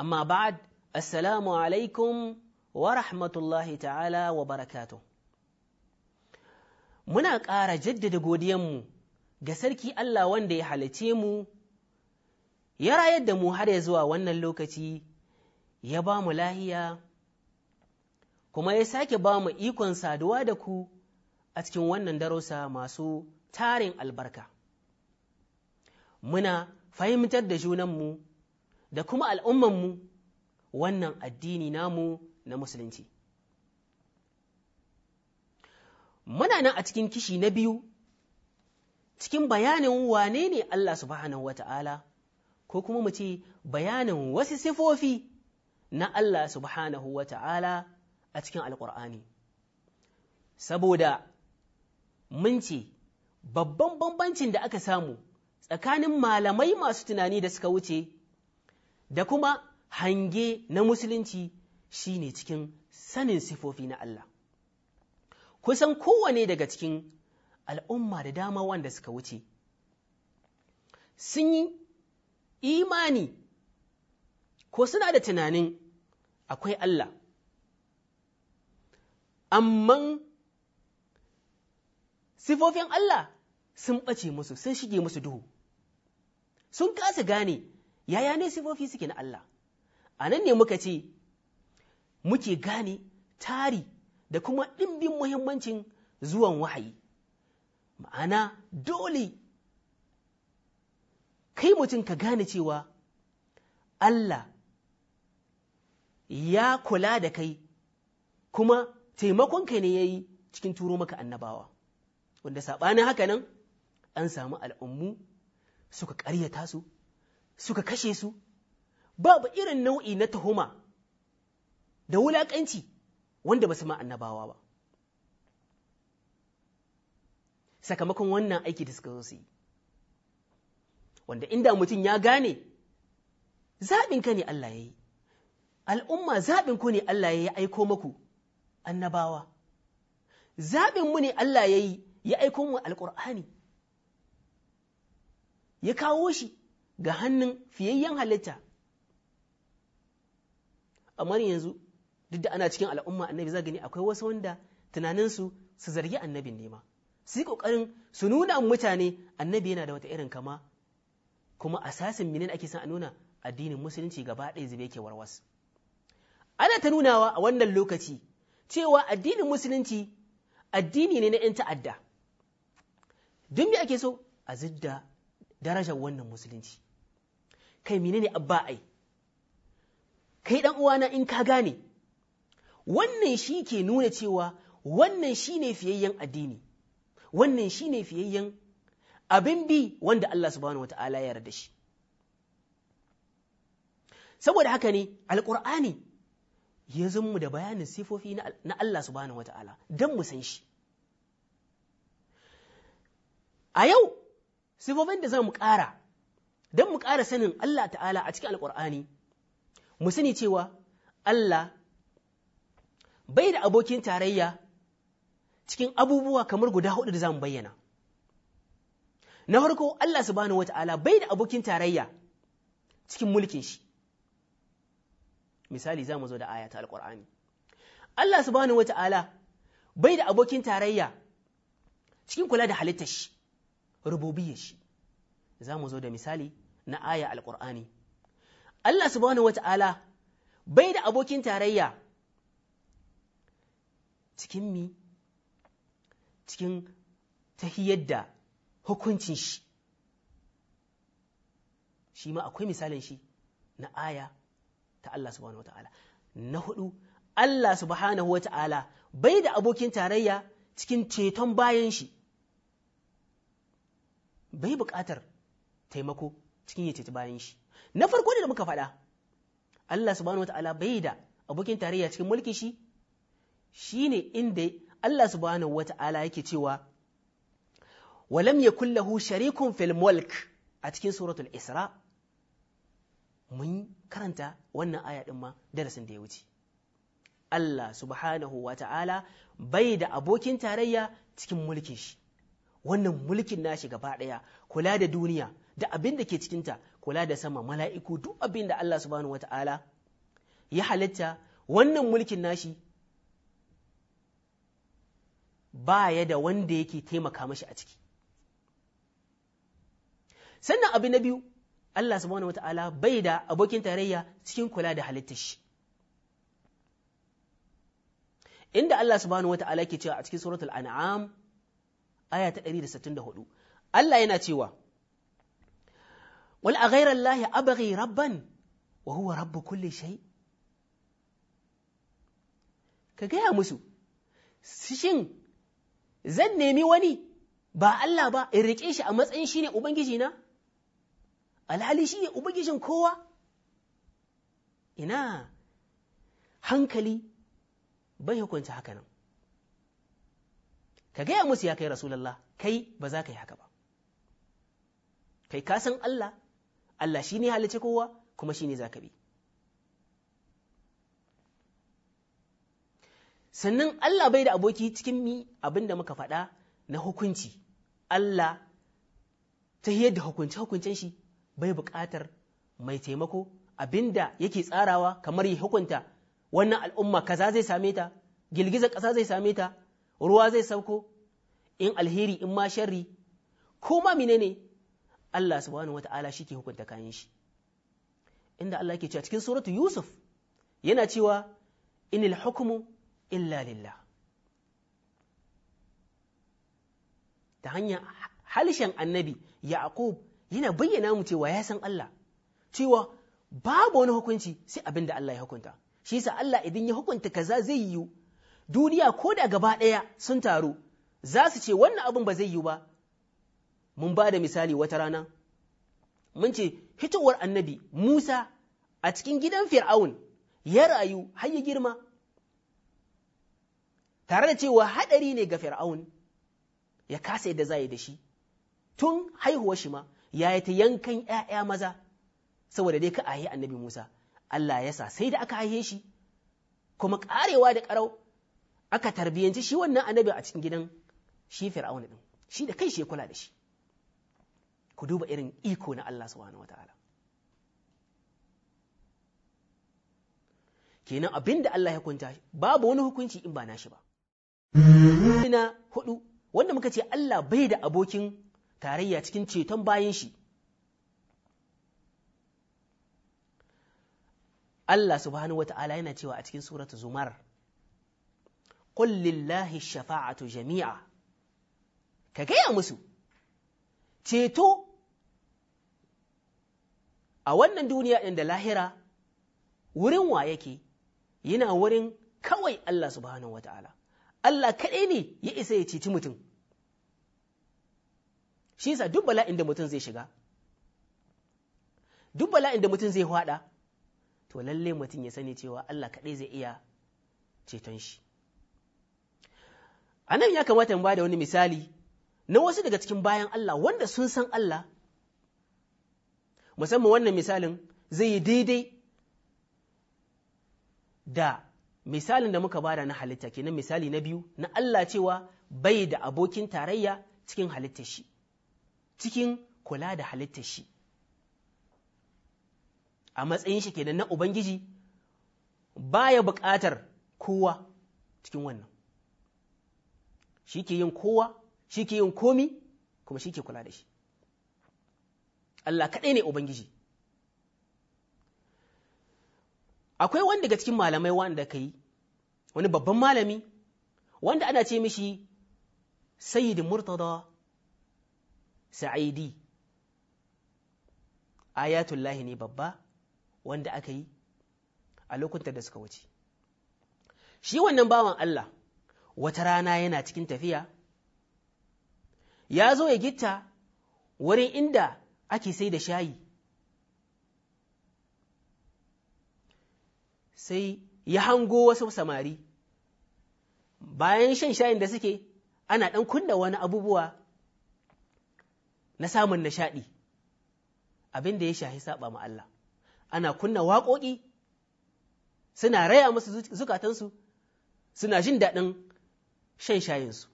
Amma أما بعد alaikum wa rahmatullahi ta'ala wa وبركاته muna ƙara jaddada godiyanmu ga sarki Allah wanda ya halice mu ya rayar da mu har ya zuwa wannan lokaci ya ba mu lahiya kuma ya sake ba mu ikon saduwa da ku a cikin wannan darusa masu tarin albarka muna fahimtar da junanmu da kuma al'ummanmu wannan addini namu na musulunci. Muna nan a cikin kishi na biyu, cikin bayanin wane ne Allah subhanahu wa ta'ala, ko kuma mu ce bayanin wasu sifofi na Allah subhanahu wa ta'ala a cikin Alƙur'ani. Saboda mun ce babban bambancin da aka samu tsakanin malamai masu tunani da suka wuce da kuma hange na musulunci shi ne cikin sanin sifofi na Allah kusan kowane daga cikin al'umma da dama wanda suka wuce sun yi imani ko suna da tunanin akwai Allah amma sifofin Allah sun ɓace musu sun shige musu duhu sun kasa gane yaya ne sifofi suke na Allah a nan ne muka ce muke gane tari da kuma ɗimbin muhimmancin zuwan wahayi ma'ana dole kai mutum ka gane cewa Allah ya kula da kai kuma taimakon taimakonka ne ya yi cikin turo maka annabawa wanda saɓanin haka nan an samu al'ummu suka karyata su suka kashe su babu irin nau'i na tuhuma da wulaƙanci wanda ba su ma annabawa ba sakamakon wannan aiki da suka zo su yi wanda inda mutum ya gane zaɓin ka ne Allah ya yi al'umma zaɓin ku ne Allah ya yi aiko maku annabawa zaɓin mu ne Allah ya yi ya aiko mu alƙur'ani ya kawo shi ga hannun fiyayyen halitta amma yanzu duk da ana cikin al'umma annabi za gani akwai wasu wanda tunaninsu su zargi annabin nema su yi ƙoƙarin su nuna mutane annabi yana da wata irin kama kuma asasin minin ake son a nuna addinin musulunci gaba ɗaya zube ke warwas ana ta nunawa a wannan lokaci cewa addinin musulunci addini ne na 'yan ta'adda duk me ake so a zidda darajar wannan musulunci kai menene abba ai kai dan uwana in ka gane wannan shi ke nuna cewa wannan shi ne fiyayyen addini wannan shi ne fiyayyen abin bi wanda Allah subhanahu wata'ala ya yarda shi saboda haka ne alƙur'ani ya mu da bayanin sifofi na Allah subhanahu wata'ala don mu san shi a yau sifofin da za mu ƙara don mu ƙara sanin Allah ta'ala a cikin alƙur'ani mu sani cewa Allah bai da abokin tarayya cikin abubuwa kamar guda hudu da za mu bayyana na farko Allah subhanahu ta'ala bai da abokin tarayya cikin mulkin shi misali za mu zo da aya ta alƙur'ani Allah subhanahu ta'ala bai da abokin tarayya cikin kula da halittar shi rububiyar shi za mu zo da misali na aya alƙur'ani Allah subhanahu wata'ala bai da abokin tarayya cikin mi cikin tahiyar da hukuncin shi shi ma akwai misalin shi na aya ta Allah subhanahu wata'ala na hudu Allah subhanahu wata'ala bai da abokin tarayya cikin ceton bayan shi bai buƙatar taimako cikin ya ceci bayan shi na farko da muka faɗa Allah subhanahu wata'ala bai da abokin tarayya cikin mulki shi shine inda Allah subhanahu wata'ala yake cewa walam ya kullahu sharikun fil mulk a cikin suratul isra mun karanta wannan aya din ma darasin da ya wuce Allah subhanahu wa ta'ala bai da abokin tarayya cikin mulkin shi, wannan mulkin nashi gaba ɗaya, kula da duniya, da abin da ke cikinta kula da sama mala'iku duk abin da Allah subhanahu wata'ala ya halitta wannan mulkin nashi ba ya da wanda yake taimaka mashi a ciki sannan abin na biyu Allah subhanahu wata'ala bai da abokin tarayya cikin kula da halitta shi inda Allah subhanahu wata'ala ke cewa a cikin suratul an'am aya ta 164 Allah yana cewa wal a ghairar lahi abaghi rabban wa huwa rabbu kulli shay ka gaya musu shin zan nemi wani ba Allah ba in riƙe shi a matsayin shi ne Ubangiji na? Alhali shi ne Ubangijin kowa? Ina hankali bai hukunta haka nan. Ka gaya musu ya kai Rasulallah, kai ba za ka yi haka ba. Kai ka san Allah, Allah shi ne halice kowa kuma shi ne za ka bi sannan Allah bai da aboki cikin mi abin da muka faɗa na hukunci Allah ta yadda hukunce-hukuncen shi bai buƙatar mai taimako abinda yake tsarawa kamar ya hukunta wannan al'umma kaza zai same ta girgizar ƙasa zai same ta ruwa zai sauko in alheri in ma sharri ko ma menene Allah subhanahu wata'ala shi ke hukunta kayan shi inda Allah ke cewa cikin suratu Yusuf yana cewa inil hukmu illa lillah ta hanyar halishen annabi Yaqub yana bayyana mu cewa ya san Allah cewa babu wani hukunci sai abin da Allah ya hukunta shi yasa Allah idan ya hukunta kaza zai yiwu duniya ko da gaba ɗaya sun taru za su ce wannan abin ba zai yiwu ba mun ba da misali wata rana mun ce hitowar annabi Musa a cikin gidan Fir'aun ya rayu har ya girma tare da cewa hadari ne ga Fir'aun ya kasa yadda za da shi tun haihuwar shi ma ya yi ta yankan ‘ya'ya maza saboda dai ka ahi annabi Musa Allah ya sa sai da aka haihe shi kuma karewa da karau aka tarbiyyanci shi wannan annabi a cikin gidan shi Fir'aun ɗin shi da kai shi ya kula da shi ku duba irin iko na Allah subhanahu wataala kenan abinda Allah ya kunta babu wani hukunci in ba nashi ba na hudu wanda muka ce Allah bai da abokin tarayya cikin ceton bayan shi Allah subhanahu wata'ala yana cewa a cikin suratu zumar qul lillahi shafa'atu jami'a ka gaya musu ceto a wannan duniya ɗin da lahira wurin wa yake yana wurin kawai Allah subhanahu wata'ala Allah kaɗai ne ya isa ya ceci mutum shi yasa duk bala'in da mutum zai shiga duk bala'in da mutum zai hwada to lalle mutum ya sani cewa Allah kaɗai zai iya ceton shi a nan ya kamata in ba da wani misali na wasu daga cikin bayan Allah wanda sun san Allah musamman wannan misalin zai yi daidai da misalin da muka bada na halitta kenan misali na biyu na Allah cewa bai da abokin tarayya cikin halittar shi cikin kula da halittar shi a matsayin shi kenan na ubangiji baya buƙatar kowa cikin wannan shi ke yin kowa shi ke yin komi kuma shi ke kula da shi Allah kaɗai ne Ubangiji. Akwai wani daga cikin malamai wanda ka yi, wani babban malami, wanda ana ce mishi Sayyidin Murtada Sa'idi, ayatullahi ne babba wanda aka yi a lokutan da suka wuce. Shi wannan bawan Allah, wata rana yana cikin tafiya, ya zo ya gitta wurin inda ake sai da shayi sai ya hango wasu samari bayan shan shayin da suke ana ɗan kunna wani abubuwa na samun nishaɗi abin da ya shahi saba ma Allah ana kunna waƙoƙi suna raya musu zukatansu suna jin daɗin shan shayin su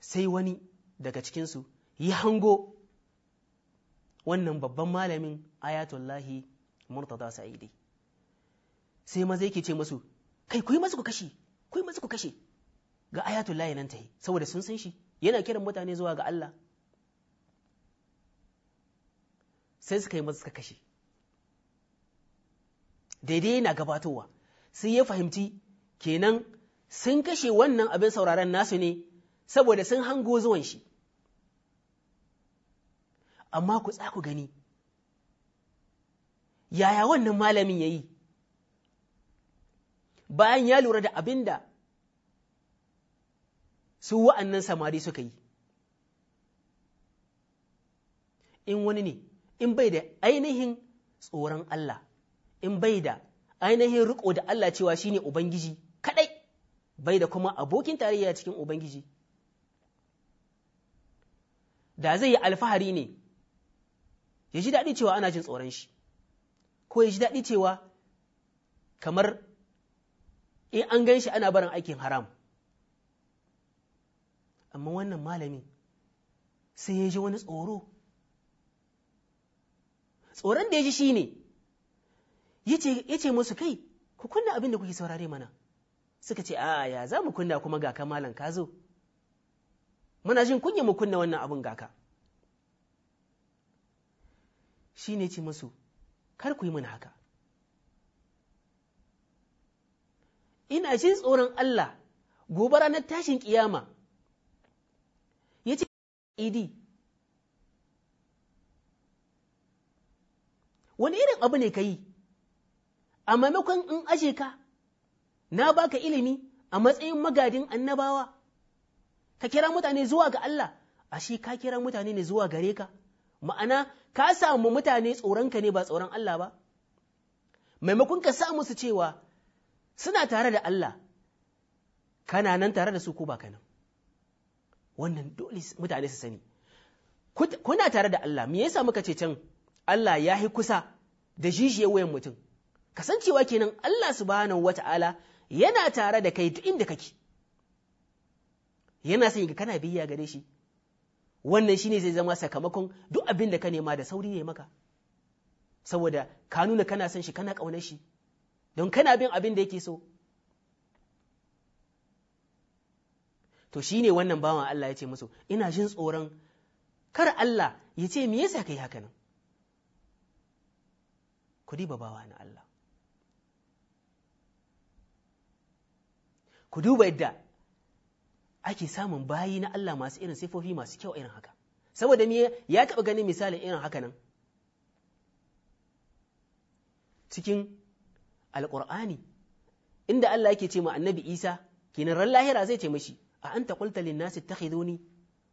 sai wani daga cikinsu Yi hango wannan babban malamin ayatullahi murtada sa'idi sai maza yake ce masu kai ku yi masu ku kashe ku masu ku kashe ga ayatullahi nan ta yi saboda sun san shi yana kiran mutane zuwa ga Allah sai suka yi masu suka kashe daidai yana gabatowa sai ya fahimci kenan sun kashe wannan abin sauraron nasu ne saboda sun hango zuwan shi amma ku tsaku gani yaya wannan malamin ya yi bayan ya lura da abinda su wa'annan samari suka yi in wani ne in bai da ainihin tsoron Allah in bai da ainihin riko da Allah cewa shine Ubangiji kadai bai da kuma abokin tarayya cikin Ubangiji da zai yi alfahari ne ya ji daɗi cewa ana jin tsoron shi ko ya ji daɗi cewa kamar in an gan shi ana barin aikin haram amma wannan malami sai ya ji wani tsoro tsoron da ya ji shi ne ya ce musu kai ku kunna abin da kuke saurare mana suka ce a ya za mu kunna kuma ga ka malam ka zo muna jin kunya mu kunna wannan abin gaka shi ne ci masu kar ku yi mana haka ina shi tsoron Allah gobe ranar tashin kiyama ya ce idi wani irin abu ne ka yi a maimakon in aje ka na baka ilimi a matsayin magadin annabawa ka kira mutane zuwa ga Allah ashe ka kira mutane ne zuwa gare ka ma'ana ka samu mutane tsoronka ne ba tsoron Allah ba maimakon ka sa musu cewa suna tare da Allah kana nan tare da su ko ba nan wannan dole mutane su sani kuna tare da Allah me yasa muka ce can Allah ya yi kusa da jijiyar wayan mutum kasancewa kenan Allah subhanahu wata'ala yana tare da kai duk inda kake yana son kana biyya gare shi wannan shine zai zama sakamakon duk abin da ka nema da sauri ya maka saboda ka nuna kana son shi kana ƙaunar shi don kana bin abin da yake so to shine wannan bawan Allah ya ce musu ina jin tsoron kar Allah ya ce me yasa kai haka nan ku duba bawa na Allah ku duba yadda ake samun bayi na Allah masu irin sifofi masu kyau irin haka saboda me ya taɓa ganin misalin irin haka nan cikin alƙur'ani inda Allah yake ce ma annabi Isa kenan ran lahira zai ce mashi a anta qulta lin nasi ittakhiduni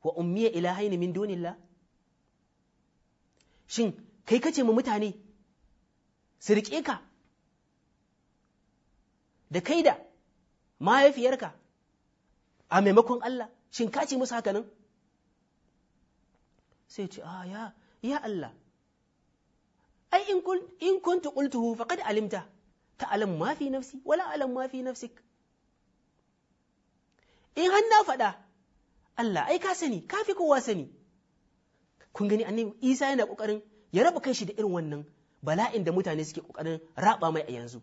wa ummiya ilahaini min dunillah shin kai kace mu mutane su ka da kai da mahaifiyarka a maimakon Allah shin ka ce musu haka nan sai ce ah ya ya Allah ai in kuntu qultuhu faqad alimta alam ma fi nafsi wala alam ma fi nafsik in har na faɗa Allah ai ka sani ka fi kowa sani kun gani annabi Isa yana kokarin ya raba shi da irin wannan bala'in da mutane suke kokarin raba mai a yanzu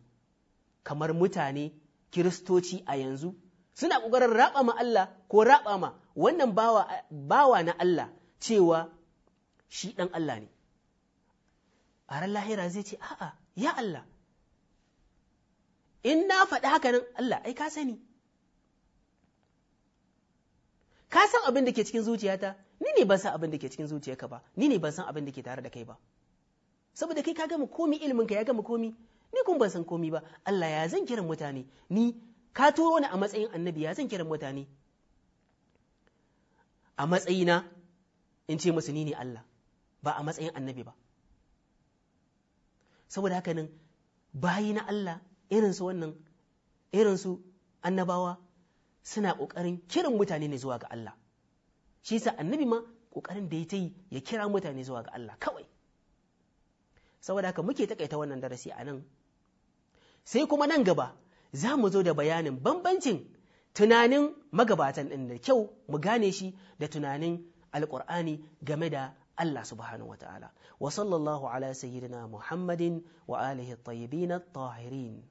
kamar mutane kiristoci a yanzu suna ƙoƙarin raɓa ma Allah ko raɓa ma wannan bawa, bawa na Allah cewa shi ɗan Allah ne. A ran lahira zai ce, a'a, ya Allah, in na faɗi haka nan Allah, ai, ka sani. Ka san abin da ke cikin zuciyata, ni ne ban san abin da ke cikin zuciyarka ba, ni ne ban san abin da ke tare da kai ba. Saboda kai ka gama komi ilminka ya gama komi, ni kun ban san komi ba, Allah ya zan kiran mutane, ni ka turo ni a matsayin annabi ya zan kiran mutane a matsayina in ce musu ni ne Allah ba a matsayin annabi ba saboda haka nan bayi na Allah irinsu wannan irinsu annabawa suna ƙoƙarin kiran mutane ne zuwa ga Allah shi sa annabi ma ƙoƙarin da ya ta yi ya kira mutane zuwa ga Allah kawai saboda haka muke takaita wannan darasi a nan sai kuma nan gaba za mu zo da bayanin bambancin tunanin magabatan ɗin da kyau mu gane shi da tunanin alƙur'ani game da Allah subhanahu wa ta'ala wa sallallahu ala sayyidina Muhammadin wa alihi at-tayyibin at-tahirin